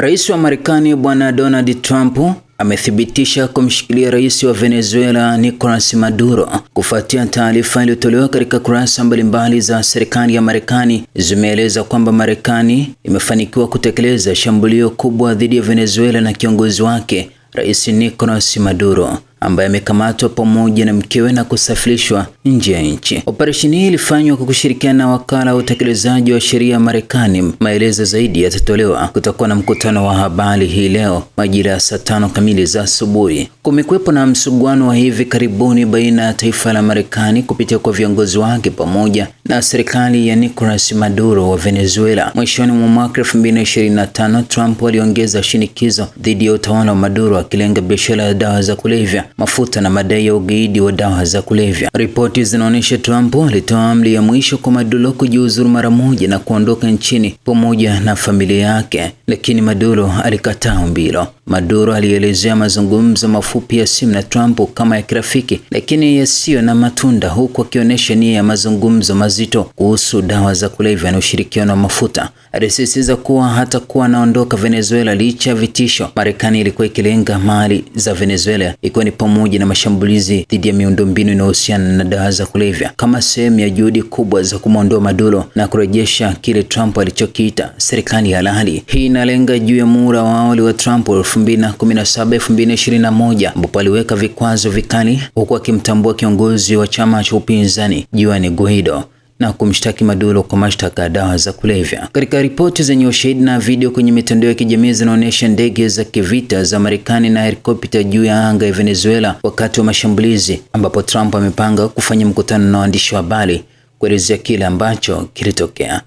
Rais wa Marekani Bwana Donald Trump amethibitisha kumshikilia rais wa Venezuela Nicolas Maduro kufuatia taarifa iliyotolewa katika kurasa mbalimbali za serikali ya Marekani zimeeleza kwamba Marekani imefanikiwa kutekeleza shambulio kubwa dhidi ya Venezuela na kiongozi wake Rais Nicolas Maduro ambaye amekamatwa pamoja na mkewe na kusafirishwa nje ya nchi. Operesheni hii ilifanywa kwa kushirikiana na wakala wa utekelezaji wa sheria ya Marekani. Maelezo zaidi yatatolewa. Kutakuwa na mkutano wa habari hii leo majira ya saa tano kamili za asubuhi. Kumekuwepo na msuguano wa hivi karibuni baina ya taifa la Marekani kupitia kwa viongozi wake pamoja na serikali ya Nicolas Maduro wa Venezuela. Mwishoni mwa mwaka 2025, Trump aliongeza shinikizo dhidi ya utawala wa Maduro akilenga biashara ya dawa za kulevya, mafuta na madai ya ugaidi wa dawa za kulevya. Ripoti zinaonyesha Trump alitoa amri ya mwisho kwa Maduro kujiuzuru mara moja na kuondoka nchini pamoja na familia yake, lakini Maduro alikataa ombi hilo. Maduro alielezea mazungumzo mafupi ya simu na Trump kama ya kirafiki, lakini yasiyo na matunda, huku akionyesha nia ya mazungumzo mazito mazito kuhusu dawa za kulevya na ushirikiano wa mafuta. Alisisitiza kuwa hatakuwa anaondoka Venezuela licha ya vitisho. Marekani ilikuwa ikilenga mali za Venezuela, ikiwa ni pamoja na mashambulizi dhidi ya miundombinu inayohusiana na dawa za kulevya kama sehemu ya juhudi kubwa za kumwondoa Maduro na kurejesha kile Trump alichokiita serikali halali. Hii inalenga juu ya muhula wa awali wa Trump 2017-2021 ambapo aliweka vikwazo vikali huku akimtambua kiongozi wa chama cha upinzani Juan Guaido na kumshtaki Maduro kwa mashtaka ya dawa za kulevya. Katika ripoti zenye ushahidi na video kwenye mitandao ya kijamii zinaonyesha ndege za kivita za Marekani na helikopta juu ya anga ya Venezuela wakati wa mashambulizi, ambapo Trump amepanga kufanya mkutano na waandishi wa habari kuelezea kile ambacho kilitokea.